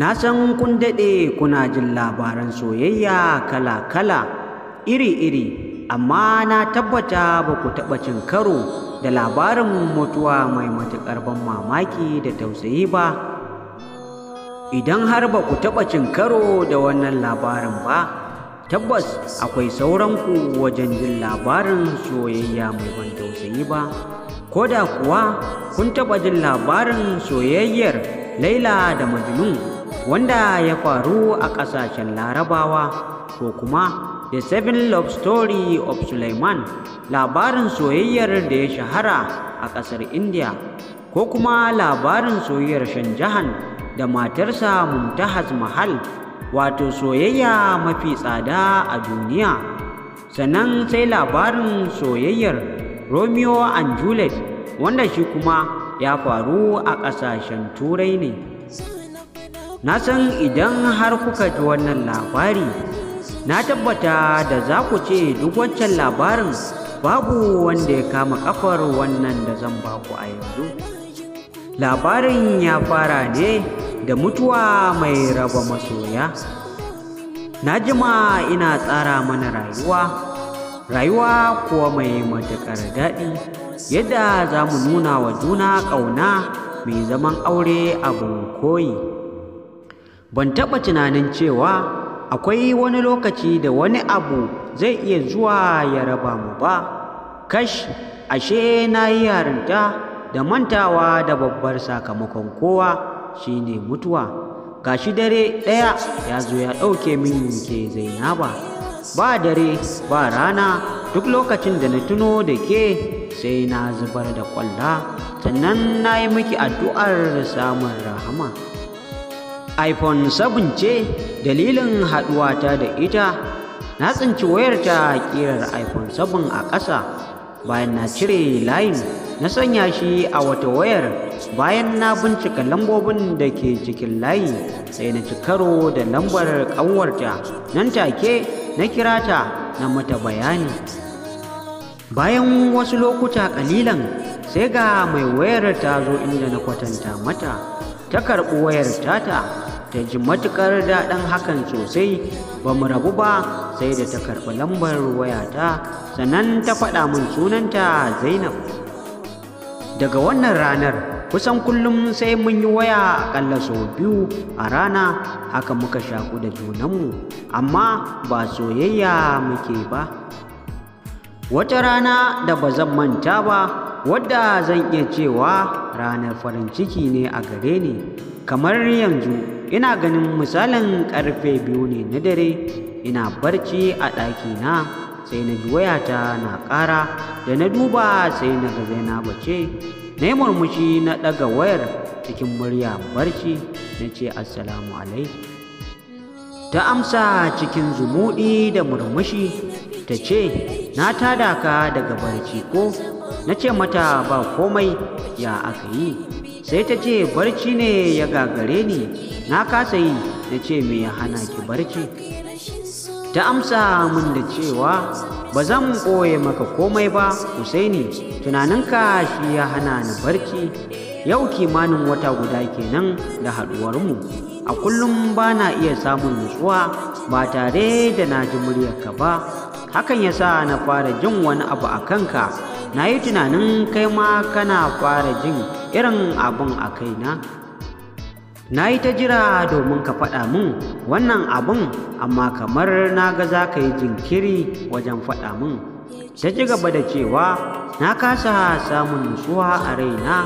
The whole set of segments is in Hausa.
Na san kun daɗe kuna jin labaran soyayya kala-kala, iri-iri, amma na tabbata ba ku taɓa cin karo da labarin mutuwa mai matuƙar ban mamaki da tausayi ba. Idan har ba ku taɓa cin karo da wannan labarin ba, tabbas akwai sauranku wajen jin labarin soyayya mai ban tausayi ba. Ko da kuwa kun taɓa jin labarin soyayyar Laila da Majnun. wanda ya faru a ƙasashen larabawa ko kuma the seven love story of suleiman labarin soyayyar da ya shahara a ƙasar India ko kuma labarin soyayyar Shanjahan da matarsa mumtahaz Mahal wato soyayya mafi tsada a duniya sannan sai labarin soyayyar Romeo and Juliet wanda shi kuma ya faru a ƙasashen turai ne. na san idan har kuka ji wannan labari na tabbata da za ku ce duk wancan labarin babu wanda ya kama kafar wannan da zan ba ku a yanzu labarin ya fara ne da mutuwa mai raba masoya na jima ina tsara mana rayuwa rayuwa kuwa mai matuƙar daɗi yadda za mu nuna wa juna ƙauna mai zaman aure abin koyi ban taɓa tunanin cewa akwai wani lokaci da wani abu zai iya zuwa ya raba mu ba kash ashe na yi yarinta da mantawa da babbar sakamakon kowa shine mutuwa Ga shi dare ɗaya ya zo ya ɗauke min ke zainaba ba dare ba rana duk lokacin da na tuno da ke sai na zubar da kwalla sannan na yi miki addu'ar samun rahama iphone 7 ce dalilin haɗuwata da ita na tsinci wayarta ƙirar iphone 7 a ƙasa bayan na cire layin na sanya shi a wata wayar bayan na bincika lambobin da ke cikin layi sai na ci karo da lambar ƙanwarta nan take na kira ta na mata bayani bayan wasu lokuta ƙalilan sai ga mai wayar ta zo inda na kwatanta mata ta karɓi wayar tata ta ji matuƙar daɗin hakan sosai ba mu rabu ba sai da ta karɓi lambar wayata sannan ta faɗa min sunanta zainab daga wannan ranar kusan kullum sai mun yi waya aƙalla sau biyu a rana haka muka shaku da junanmu amma ba soyayya muke ba wata rana da ba zan manta ba wadda zan iya cewa ranar farin ciki ne a gare ni kamar yanzu ina ganin misalin karfe biyu ne na dare ina barci a na sai na ji wayata na ƙara da na duba sai na ga zainabu bace na yi murmushi na ɗaga wayar cikin murya barci na ce assalamu ta amsa cikin zumuɗi da murmushi ta ce na tada ka daga barci ko na ce mata ba komai ya aka yi sai ta ce barci ne ya gagare ni na kasa yi na ce me ya hana ki barci ta amsa min da cewa ba zan ɓoye maka komai ba husaini tunaninka shi ya hana ni barci yau kimanin wata guda kenan da haɗuwarmu a kullum ba na iya samun nutsuwa ba tare da na ji muryarka ba hakan ya sa na fara jin wani abu a kanka na yi tunanin kai ma kana fara jin irin abun a kaina na yi ta jira domin ka faɗa min wannan abun amma kamar na ga za ka yi jinkiri wajen faɗa min ta ci gaba da cewa na kasa samun nutsuwa a raina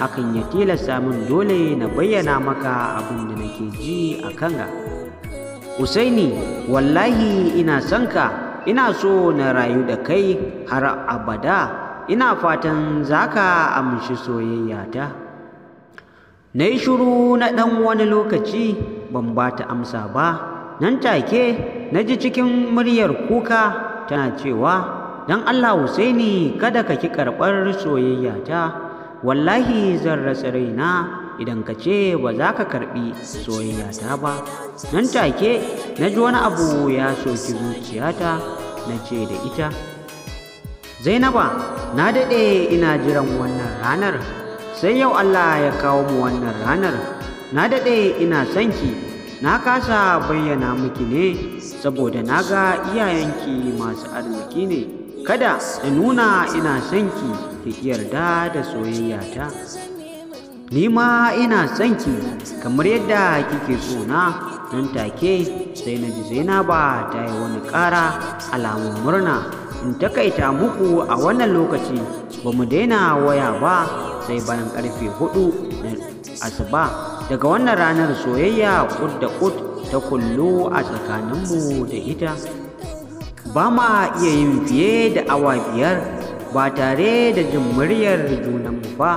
hakan ya tilasta min dole na bayyana maka abin da nake ji a kanka usaini wallahi ina son ka ina so na rayu da kai har abada ina fatan za ka amshi soyayyata na yi shuru na ɗan wani lokaci ban ba ta amsa ba nan take na ji cikin muryar kuka tana cewa don allah husaini kada ka ki karɓar soyayyata wallahi zan rasa raina idan ka ce ba za ka karɓi soyayyata ba nan take na ji wani abu ya soki zuciyata na ce da ita Zainaba, na daɗe ina jiran wannan ranar, sai yau Allah ya kawo mu wannan ranar. Na daɗe ina son ki, na kasa bayyana miki ne, saboda na ga iyayenki masu arziki ne. Kada da nuna ina son ki, ki yarda da soyayyata. Ni ma ina son ki, kamar yadda kike tsona, nan take sai na ji Zainaba ta yi wani ƙara alamun murna. in takaita muku a wannan lokaci ba mu daina waya ba sai bayan karfe hudu na asuba daga wannan ranar soyayya kud da kud ta kullu a tsakaninmu da ita ba ma iya yin fiye da awa biyar ba tare da jin muryar junanmu ba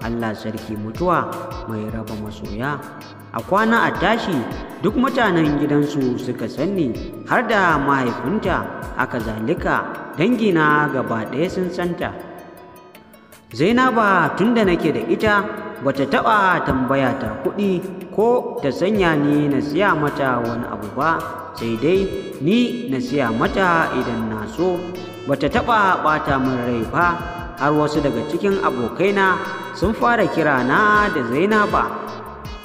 Allah sarki mutuwa mai raba masoya a kwana a tashi duk mutanen gidansu suka sani har da mahaifinta aka zalika dangina gaba ɗaya sun santa zainaba tunda nake da ita bata taɓa tambaya ta kuɗi ko ta sanya ni na siya mata wani abu ba sai dai ni na siya mata idan na so bata taɓa ɓata min rai ba har wasu daga cikin abokaina sun fara kira na da zainaba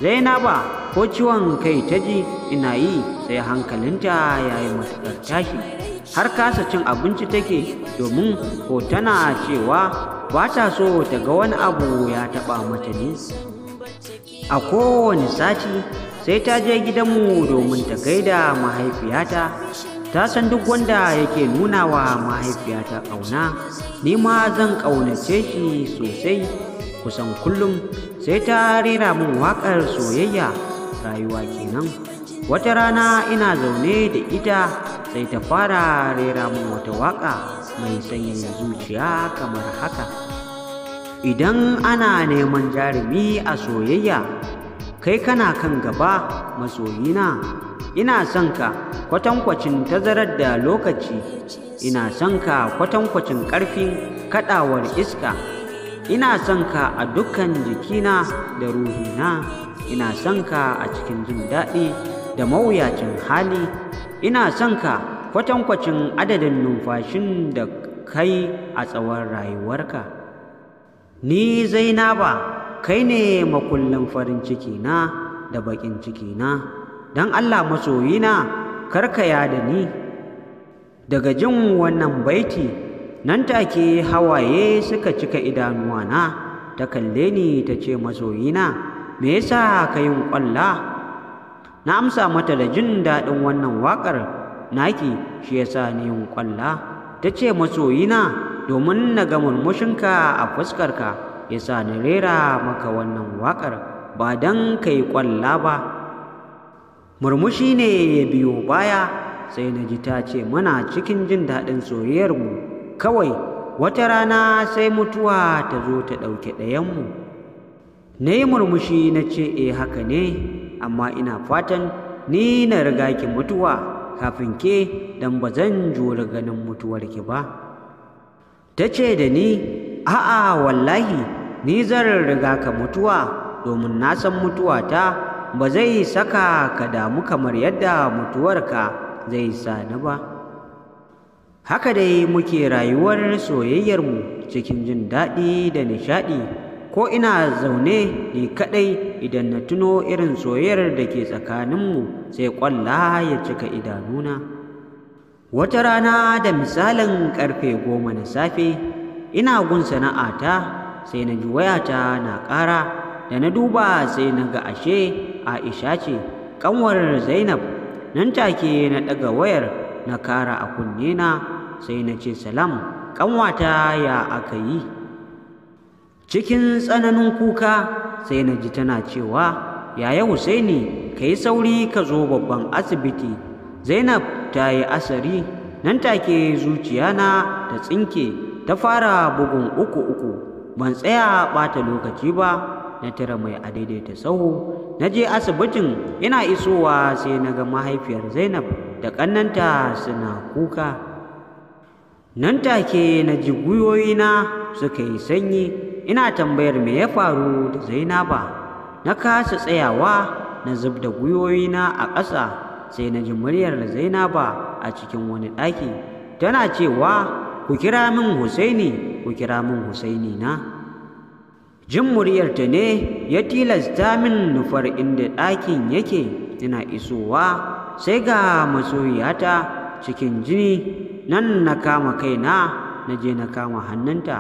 zainaba ko ciwon kai ta ji ina yi sai hankalinta ya yi matuƙar tashi har kasa cin abinci take domin ko tana cewa ba ta so ta ga wani abu ya taɓa mata ne a kowane sati sai ta je gidanmu domin ta gaida mahaifiyata ta san duk wanda yake nuna wa mahaifiyata ƙauna ni ma zan ƙaunace shi sosai kusan kullum sai ta rera min waƙar soyayya rayuwa kenan wata rana ina zaune da ita sai ta fara rera min wata waƙa mai sanyaya zuciya kamar haka idan ana neman jarumi a soyayya kai kana kan gaba masoyina ina son ka kwatankwacin tazarar da lokaci ina son ka kwatankwacin ƙarfin kaɗawar iska ina son ka a dukkan jikina da ruhina ina son ka a cikin jin daɗi da mawuyacin hali ina son ka kwatankwacin adadin numfashin da kai a tsawon rayuwarka ni zainaba kai ne makullin farin cikina da baƙin cikina. don allah masoyina karkaya da ni daga jin wannan baiti nan take hawaye suka cika idanuwa na, ta kalle ni ta ce mazoyina me yasa ka yin ƙwalla na amsa mata da jin daɗin wannan waƙar naki shi yasa ni yin ƙwalla ta ce mazoyina domin na ga murmushinka a fuskarka yasa ni rera maka wannan waƙar ba don ka yi ƙwalla ba murmushi ne ya biyo baya sai na ji ta ce mana cikin jin daɗin soyayyarmu kawai wata rana sai mutuwa ta zo ta ɗauke ɗayanmu na yi murmushi na ce e haka ne amma ina fatan ni na riga ki mutuwa kafin ke don ba zan jure ganin ki ba ta ce da ni a'a wallahi ni zan riga ka mutuwa domin na san mutuwata ba zai saka ka damu kamar yadda mutuwarka zai sa ni ba haka dai muke rayuwar soyayyarmu cikin jin daɗi da nishaɗi ko ina zaune ni kaɗai idan na tuno irin soyayyar da ke tsakaninmu sai ƙwalla ya cika idanuna wata rana da misalin ƙarfe goma na safe ina gun sana'ata sai na ji wayata na ƙara da na duba sai na ga ashe aisha ce ƙanwar zainab nan take na ɗaga wayar na kara a kunne na sai na ce salam ƙanwata ya aka yi cikin tsananin kuka sai na ji tana cewa yaya husaini ka yi sauri ka zo babban asibiti zainab ta yi asari nan take zuciyana ta tsinke ta fara bugun uku uku ban tsaya ɓata lokaci ba na tara mai a daidaita sahu na je asibitin ina isowa sai na ga mahaifiyar zainab da ƙannanta suna kuka nan take na ji gwiwoyina suka yi sanyi ina tambayar me ya faru da zainaba na kasa tsayawa na zub da gwiwoyina a ƙasa sai na ji muryar zainaba a cikin wani ɗaki tana cewa ku kira min husaini ku kira min husaini na jin muryarta ne ya tilasta min nufar inda ɗakin yake ina isowa sai ga masoyiyata cikin jini nan na kama kaina na je na kama hannunta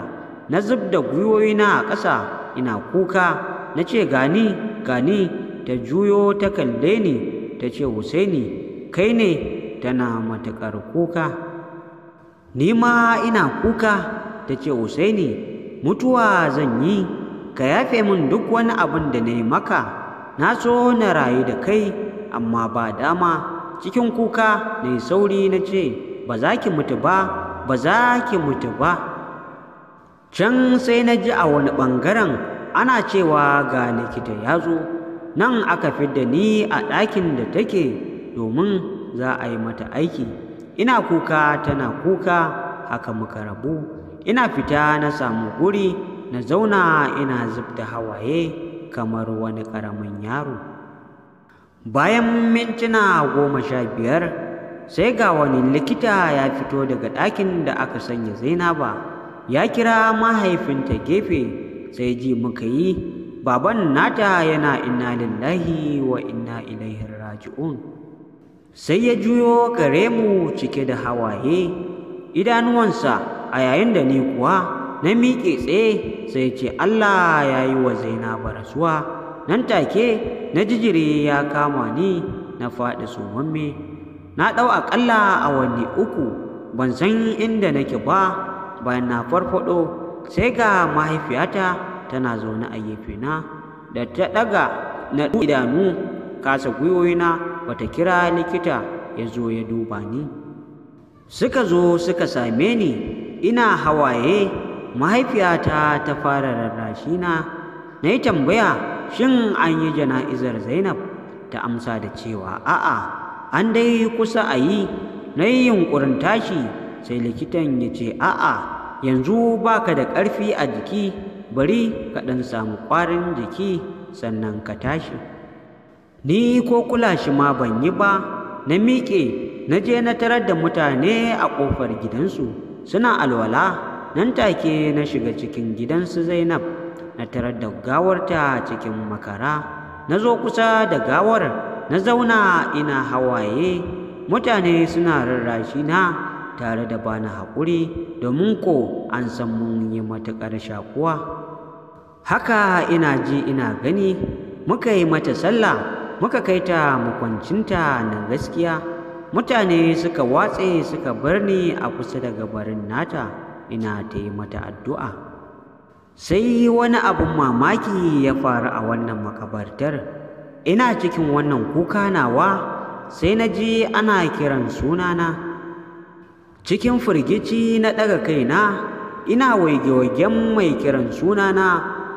na zub da gwiwoyina a ƙasa ina kuka na ce gani gani ta juyo ta kalle ni ta ce husaini kai ne tana matuƙar kuka ni ma ina kuka ta ce husaini mutuwa zan yi ka yafe min duk wani abin da na yi maka na so na rayu da kai amma ba dama cikin kuka na yi sauri na ce ba za ki mutu ba ba za ki mutu ba can sai na ji a wani ɓangaren ana cewa ga likita ya zo nan aka fidda ni a ɗakin da take domin za a yi mata aiki ina kuka tana kuka haka muka rabu ina fita na samu guri na zauna ina zub da hawaye kamar wani ƙaramin yaro bayan mintuna goma sha biyar sai ga wani likita ya fito daga ɗakin da aka sanya zainaba ya kira mahaifinta gefe sai ji muka yi baban nata yana inna lillahi wa inna ilaihi raji'un sai ya juyo gare mu cike da hawaye idanuwansa a yayin da ni kuwa na miƙe tsaye sai ce Allah ya yi wa zainaba rasuwa nan take na jijire ya kama ni na faɗi sumamme na ɗau aƙalla awanni uku ban san inda nake ba bayan na farfaɗo sai ga mahaifiyata tana zaune a gefena da ta ɗaga na idanu kasa gwiwoyina bata kira likita ya zo ya duba ni suka zo suka same ni ina hawaye mahaifiyata ta fara rarrashi na na yi tambaya shin an yi jana'izar zainab ta amsa da cewa a'a an dai kusa a yi na yi yunƙurin tashi sai likitan ya ce a'a yanzu baka da ƙarfi a jiki bari ka ɗan samu ƙwarin jiki sannan ka tashi ni ko kula shi ma ban yi ba na miƙe na je na tarar da mutane a ƙofar gidansu suna alwala nan take na shiga cikin gidansu zainab na tarar da gawarta cikin makara na zo kusa da gawar na zauna ina hawaye mutane suna rarrashi na tare da bani haƙuri domin ko an san mun yi matuƙar shakuwa haka ina ji ina gani muka yi mata sallah muka kai ta makwancinta na gaskiya mutane suka watse suka bar ni a kusa da gabarin nata ina ta yi mata addu'a sai wani abin mamaki ya faru a wannan makabartar ina cikin wannan kuka nawa sai na ji ana kiran sunana cikin firgici na ɗaga kaina ina waige-waigen mai kiran sunana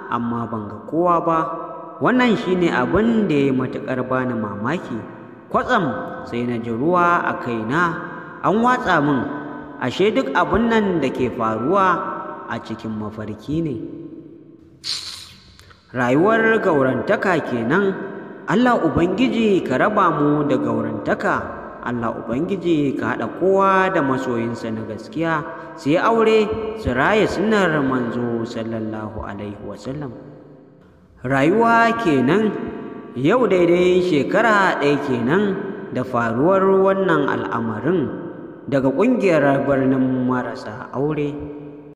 amma ban ga kowa ba wannan shine abin da ya matuƙar bani mamaki kwatsam sai na ji ruwa a kaina an watsa min ashe duk abin nan da ke faruwa a cikin mafarki ne rayuwar gaurantaka kenan Allah Ubangiji ka raba mu da gaurantaka Allah Ubangiji ka haɗa kowa da masoyinsa na gaskiya su aure su raya sunar manzo sallallahu alaihi wasallam rayuwa kenan yau daidai shekara ɗaya kenan da faruwar wannan al'amarin daga ƙungiyar birnin marasa aure